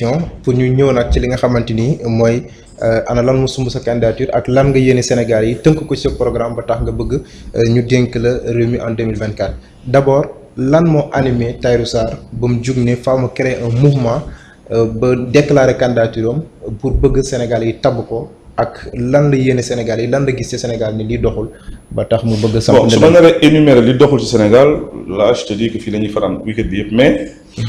émission pour ñu ñëw nag ci li nga xamante ni mooy euh, ana lan mu sumb sa candidature ak lan nga yéene Sénégal yi tënk ko ci sa programme ba tax nga bëgg euh, ñu dénk la réew mi en 2024 d'abord lan moo animé Tahirou Sarr ba mu jug ni faaw mu créer un mouvement euh, ba déclarer candidature pour bëgg Sénégal yi tabb ko ak lan la yéene Sénégal yi lan la gis ci Sénégal ni li doxul ba tax mu bëgg sam bon su ma naree énumérer li doxul ci Sénégal là fii la ñuy bi yëpp mais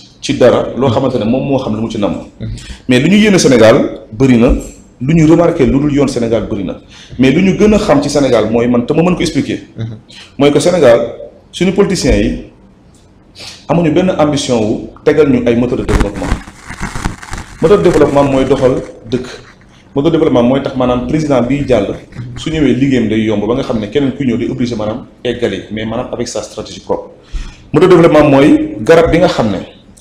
ci dara loo mm-hmm. xamante ne moom moo xam lu mu ci nam mm-hmm. mais lu ñu yéene Sénégal bëri na lu ñu remarqué lu dul yoon Sénégal bëri na mais lu ñu gën a xam ci Sénégal mooy man te ma mën ko expliquer. Mm-hmm. mooy que Sénégal suñu politiciens yi amuñu benn ambition wu ñu ay moteur de développement moteur de mooy doxal dëkk moteur de développement mooy tax maanaam président biy jàll su ñëwee liggéeyam day yomb ba nga xam ne keneen ku ñëw day obligé maanaam eggale mais maanaam avec sa stratégie propre moteur de développement mooy garab bi nga xam ne.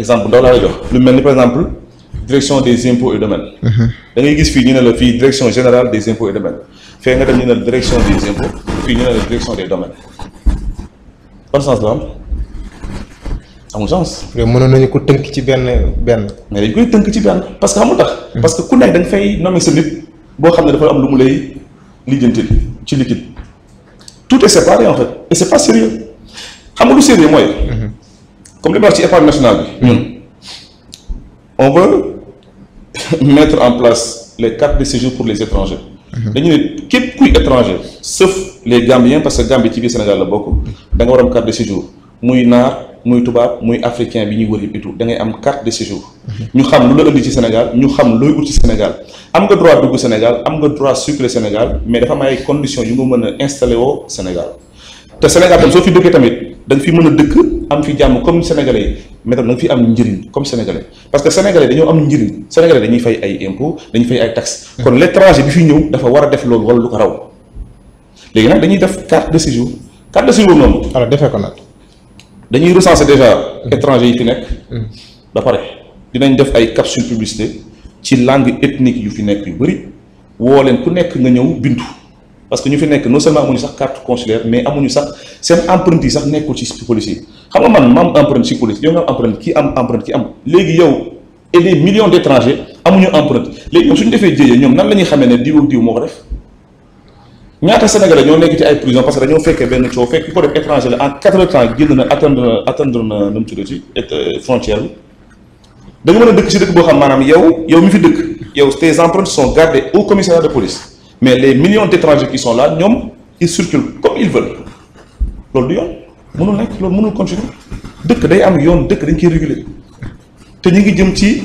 exemple bu ndaw laa lay lu mel par exemple direction des impôts et domaines. Mhm. da ngay gis fii ñu ne la fii direction générale des impôts et domaines fee nga dem ñu ne direction des impôts fii ñu ne la direction des domaines ban sens la am amul sens. mënoon nañu ko tënk ci benn benn. mais dañ koy tënk ci benn parce que xamul tax. Mhm. parce que ku nekk da nga fay nommer sa nit boo xam ne dafa am lu mu lay lijjantil ci liquide tout est séparé en fait et c'est pas sérieux xam nga lu sérieux mooy. Mhm comme le parti ci épargne national, hmm. on veut mettre en place les cartes de séjour pour les étrangers. Hmm. dañu nous, qui kuy étranger sauf les Gambiens parce que Gambie ci au Sénégal la beaucoup, da nga carte de séjour muy nar, muy tubaab muy africain bi ñuy et tout da ngay carte de séjour. Nous hmm. xam lu la indi Sénégal nous xam looy ut ci Sénégal am nga droit du Sénégal am nga droit circuler Sénégal mais dafa am des conditions nous nga mën au au Sénégal te Sénégal tam soo fi dëkkee tamit. Donc fi mëna comme sénégalais mais fi am comme sénégalais parce que sénégalais am sénégalais dañuy fay ay impôts dañuy fay ay taxes. kon l'étranger bi fi ñëw dafa def loolu wala raw dañuy def carte de séjour carte de séjour ko dañuy recenser déjà mm-hmm. étranger yi fi mm-hmm. capsule publicité ci langue ethnique yu fi nekk yu bëri woo leen ku nga parce que ñu fi non seulement amuñu sax carte mais amuñu seen empreinte sax nekul ci policier xam nga man mam am empreinte ci police yow nga am empreinte ki am empreinte kii am léegi yow et des millions d'étrangers étrangers amuñu empreinte léegi suñu defee jéyee ñom nan lañuy xamé né ne diw diw ko def ñaata sénégalais ñoo nekk ci ay prison parce que dañoo fekké ben coow fekk ko def étranger la en quatre temps génn na attendre attendre na nu ci tuddee euh, ci frontière bi da nga mëna dëkk ci dëkk bo xam manam yow yow mi fi dëkk yow tes empreintes sont gardées au commissariat de police mais les millions d'étrangers qui sont là ñom ils circulent comme ils veulent loolu du yoon mënul nek loolu mënul continuer dëkk day am yoon dëkk dañ koy réguler te ñi ngi jëm ci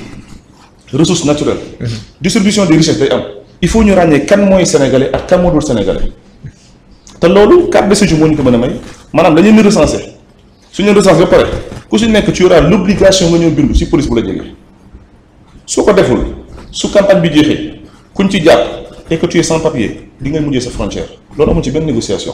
ressource naturelle. Mhm. distribution des richesses day am. il faut ñu ràññee kan mooy sénégalais ak kan moo dul sénégalais te loolu carte de séjour moo ñu ko mën a may maanaam dañuy ni recenser su ñu leen recenser ba pare ku si nekk tu auras l' obligation nga ñëw bindu si police bu la jege su ko deful su campagne bi jeexee kuñ ci jàpp et que tu es sans papier di ngay mujjee sa frontière loolu amul ci benn négociation.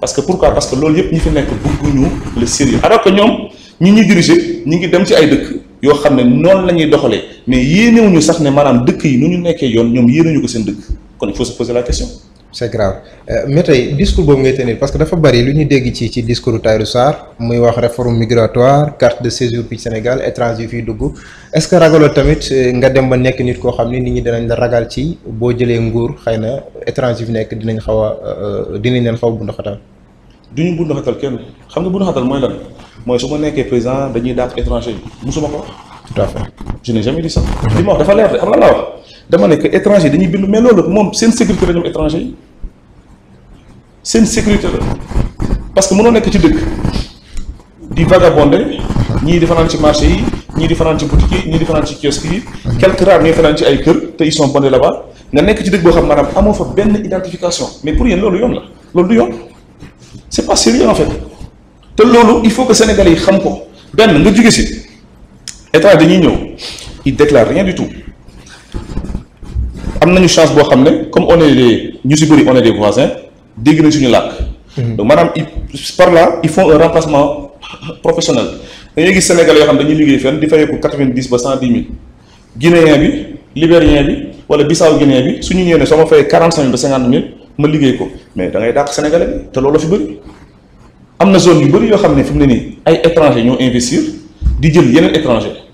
parce que pourquoi parce que ce n'y ñi fi le sérieux alors que nous, ñi nous nous ñi ngi dem ci ay ne mais sax ne maanaam qui yi nu il faut se poser la question c'est grave euh, mais tey discours boobu ngay tenir parce que dafa bari lu ñu dégg ci ci discours Tahirou Sarr muy wax réforme migratoire carte de séjour fii Sénégal étranger yu fiy dugg est-ce que ragaloo tamit euh, nga dem ba nekk nit koo xam ne nit ñi dinañ la ragal ci boo jëlee nguur xëy na étranger fi nekk dinañ xaw a euh, dinañ neen xaw a bundaxatal. du ñu bundaxatal kenn xam nga bundaxatal mooy lan mooy su ma nekkee président dañuy dàq étranger yi musuma ko tout à fait je n'ai jamais dit ça. li ma il dafa leer de xam wax dama ne que étranger dañuy bindu mais loolu moom sécurité la étranger c'est une sécurité parce que mënoo nekk ci dëkk di vagabonde ñii di fanaan ci marché yi ñii di fanaan ci boutique yi ñii di fanaan ci kiosque yi. quelque rare ñooy fanaan ci ay kër te ils sont bondés là-bas nga nekk ci dëkk boo xam maanaam amoo fa identification mais pour rien, loolu yoon la loolu du c'est pas sérieux en fait te il faut que sénégalais yi xam ko benn nga jóge si état dañuy il déclare rien du tout avons une chance de comme on est des voisins, on est des voisins Lac. Mhm. donc par là ils font un remplacement professionnel Les Sénégalais Sénégal yoo dañuy liggéey fenn di fayeeku quatre-vingt-dix ba cent dix bi bissau Guinéens, bi suñu ne 50 000. mais dans les sénégalais bi te la fi bëri Ils zone yu ont fait étrangers investir étranger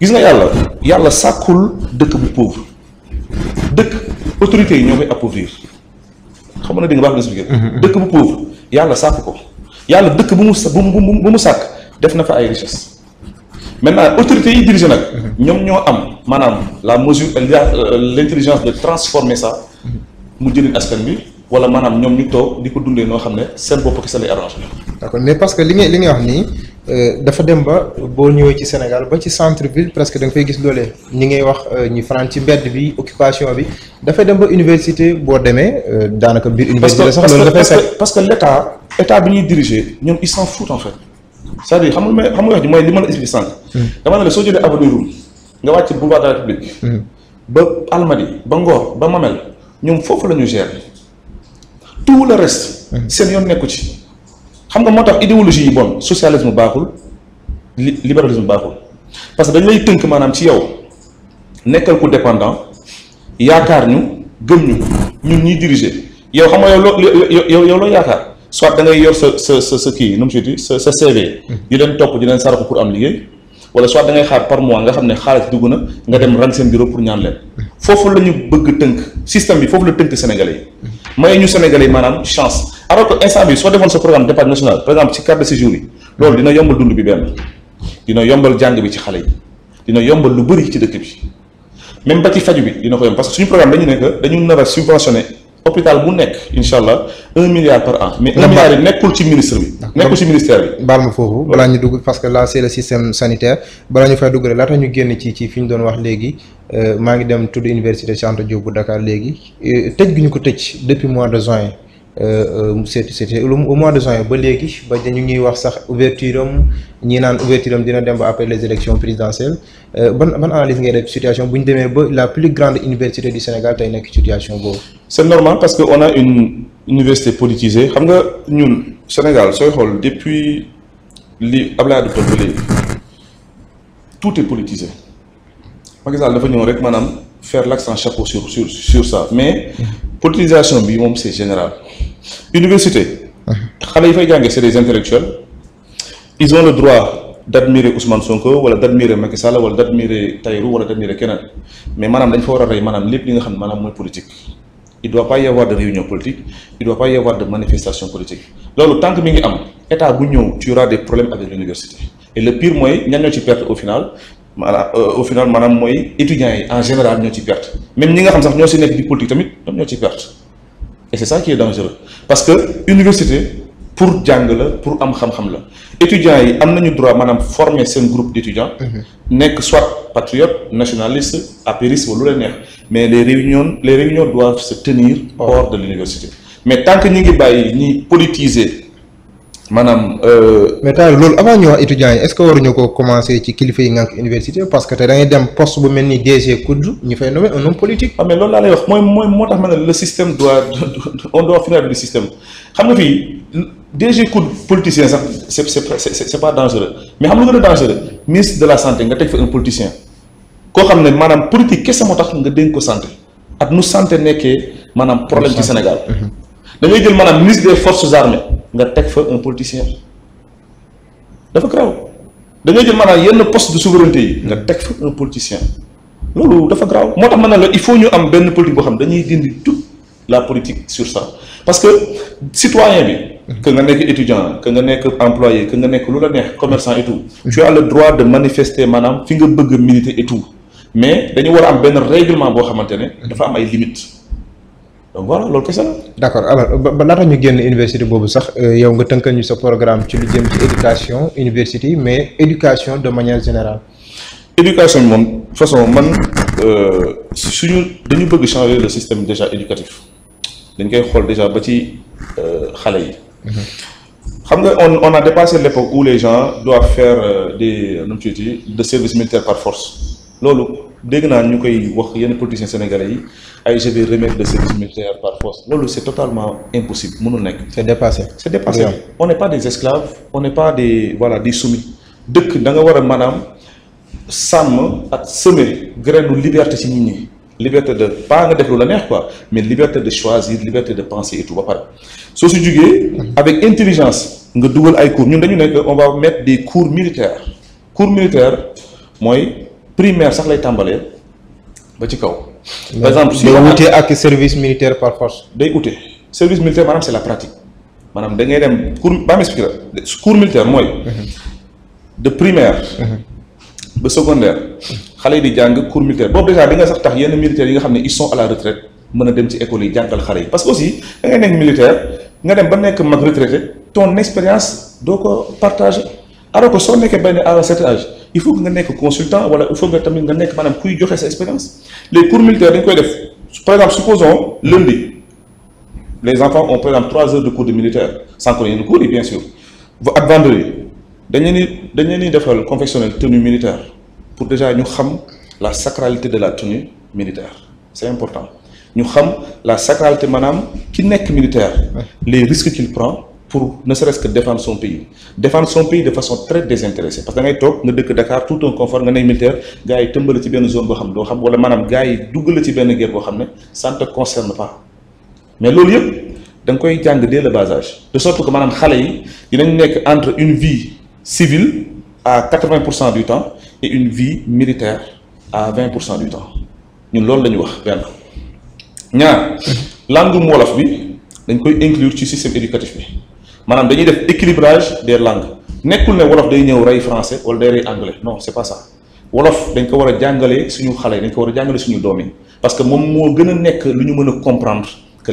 gis nga yàlla yàlla sàkkul dëkk bu pauvre dëkk autorités yi ñoo koy appauvrir xam nga ne di nga baax na expliqué mhm, mhm. dëkk bu pauvre yàlla sàkk ko yàlla dëkk bu mu sa bu mu sàkk def na fa ay richesse maintenant autorités yi dirigé nag mhm. ñoom ñoo am maanaam la mesure euh, l'intelligence de transformer ça mu jëriñ askan bi wala maanaam ñoom ñu toog di ko dundee noo xam ne seen bopp kese lay arrangé d'accord mais parce que li nga li nga wax nii Euh, dafa dem ba boo ñëwee ci Sénégal ba ci centre ville presque da nga fay gis loolee ñi ngay wax euh, ñi faral ci mbedd bi occupation bi dafay dem ba université boo demee euh, daanaka biir université la sax loolu dafay fekk parce que l' état état bi ñuy diriger ñoom ils s'en foutent en fait c'est-à-dire xam nga xam nga wax ji mooy li mën a expliquer sànq hmm. dama ne la soo jëlee avenue Roume nga wàcc boulevard de la République hmm. ba Almadies ba Ngor ba Mamel ñoom foofu la ñu gérer tout le reste hmm. seen yoon nekku ci xam nga moo tax idéologie yi bon socialisme baaxul li libéralisme baaxul parce que dañ lay tënk maanaam ci yow nekkal ku dépendant yaakaar ñu gëm ñu ñun ñuy diriger yow xam nga yow loo yow yow loo yaakaar soit da yor sa sa sa sa kii nu mu tuuti sa sa CV. di leen topp di leen saraxu pour am liggéey wala soit da ngay xaar par mois nga xam ne xaalis dugg na nga dem rang seen bureau pour ñaan leen foofu la ñu bëgg tënk système bi foofu la tënk sénégal yi. Mais nous Sénégalais chance alors que instant soit devant ce programme d'épargne national, par exemple ci carte de séjour yi yombal dund bi yombal bi ci yombal lu qui ci même ba parce que programme subventionné hôpital bu nek inshallah 1 un milliard par an. mais un milliard nekul ci ministre bi. nekul ci ministère bi. baal ma foofu balaa ñu dugg parce que là c'est le système sanitaire balaa ñu fay dugg la laata ñu génn ci ci fiñ doon wax euh ma ngi dem tudd université Cheikh Anta bu Dakar légui euh, tëj gi ñu ko tëj depuis mois de juin. euh, euh c'était au mois de juin ba légui ba ñu ngi wax sax ouverture ñi nan ouverture dina dem ba après les élections présidentielles euh, ban ban analyse ngay def situation buñ démé ba la plus grande université du Sénégal tay nek situation boobu c'est normal parce qu'on a une université politisée xam nous, au Sénégal depuis li de de tout est politisé Je ne veux pas faire l'accent chapeau sur sur ça mais la politisation c'est général université c'est des intellectuels ils ont le droit d'admirer Ousmane Sonko d'admirer Macky Sall d'admirer Taïrou, d'admirer Kenan. mais il faut que je Madame, rey politique il ne doit pas y avoir de réunion politique, il ne doit pas y avoir de manifestation politique. Donc, tant que nous avons l'État, tu auras des problèmes avec l'université. Et le pire, moi, nous tu perte au final. Euh, au final, madame, moi, étudiants en général, nous avons perte. Même nous avons des politiques, nous avons perte. Et c'est ça qui est dangereux. Parce que l'université, pour jàng pour am xam-xam la étudiants yi am droit manam former un groupe d'étudiants mhm. nek soit patriote nationaliste apériste wala lu neex mais les réunions les réunions doivent se tenir hors de l'université mais tant que ñi ngi bayyi ñi politiser Madame... Euh, mais taal lool avant ñu wax étudiants est ce que waru ko commencer ci kilifa yi ngank université parce que te da ngay dem poste bu melni DG COUD ñu fay nommer un homme politique. ah mais lool la lay wax moy mooy moo le système doit on doit finir le système xam nga fi Déjà, coup politicien ce c'est pas dangereux mais il y dangereux ministre de la santé il y a un politicien quand on madame politique qu'est-ce santé nous santé du Sénégal ministre des forces armées vous avez fait un politicien grave poste de souveraineté avez fait un politicien grave il faut politique politique sur ça parce que citoyen que nga nekk étudiant que nga nekk employé que nga nekk lu la neex commerçant et tout tu as le droit de manifester maanaam fi nga bëgg militer et tout mais dañu war a am benn règlement boo xamante ne dafa am ay limites donc voilà loolu kese la. d' accord alors ba laata ñu génn université boobu sax euh, yow nga tënkal ñu sa programme ci lu jëm ci éducation université mais éducation de manière générale. éducation bi moom façon man euh, suñu dañu bëgg changer le système déjà éducatif dañ koy xool déjà ba ci euh, xale yi on a dépassé l'époque où les gens doivent faire euh, des services euh, militaires de par force dès que nous avons koy wax politiciens sénégalais je vais remettre des services militaires par force C'est c'est totalement impossible C'est dépassé. on n'est pas des esclaves on n'est pas des voilà des soumis Dès que nous avons a maanaam sàmm graine de liberté ci liberté de pas quoi mais liberté de choisir liberté de penser et tout va pare si avec intelligence nga ay on va mettre des cours militaires cours militaires moy primaire sax lay tambalé ba ci kaw. par exemple si vous avez ak service militaire par force. day service militaire madame, c'est la pratique Madame, da ngay dem cours ba cours militaire moy mhm. de primaire. Mhm le secondaire les di jang cours militaire Bon, déjà di nga sax tax militaires yi nga ils sont à la retraite vous dem ci école yi à xalé parce que aussi da ngay nek militaire nga dem ba nek mag retraité ton expérience doit ko partager alors que si vous êtes à cet âge il faut que nga soyez consultant wala il faut que tamit nga nek manam kuy joxe cette expérience les cours militaires dañ koy par exemple supposons lundi les enfants ont par exemple trois heures de cours de militaire sans connaître le cours et bien sûr vendredi dañ leen fait le tenue militaire pour déjà la sacralité de la tenue militaire c'est important Nous xam la sacralité de ki tenue militaire les risques qu'il prend pour ne serait-ce que défendre son pays défendre son pays de façon très désintéressée parce que ngay toog Dakar tout un confort militaire gars yi ci zone xam guerre ça ne te concerne pas mais koy dès le bas âge de sorte que yi dinañ entre une vie civile à 80% du temps et une vie militaire à 20% du temps Nous ce que nous avons benn langue wolof bi dañ inclure système éducatif Nous avons dañuy équilibrage des langues nekkul ne wolof day ñëw français ou anglais non n'est pas ça wolof dañ ko suñu enfants. nous parce que nous comprendre que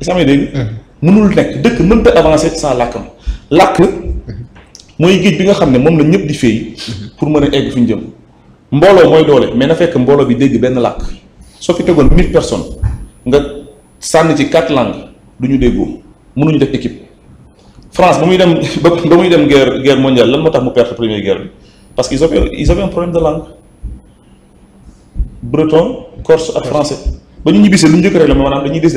sama ngi dégg. Hmm. mënul nekk dëkk ta avancer sans làkkam lak hmm. moy géej bi nga xam mom la ñëpp di fey pour mëna a egg fi jëm mbolo moy doole mais na fekk mbolo bi dégg ben lak so fi teggone 1000 personnes nga sann ci quatre langues duñu ñu mënuñu def équipe France bamuy dem bamuy dem guerre guerre mondiale lan motax mu perdre première guerre parce qu'ils avaient ils avaient un problème de langue breton corse ak français bañu ñibisé luñu lu ñu njëkk rek la maanaam dañuy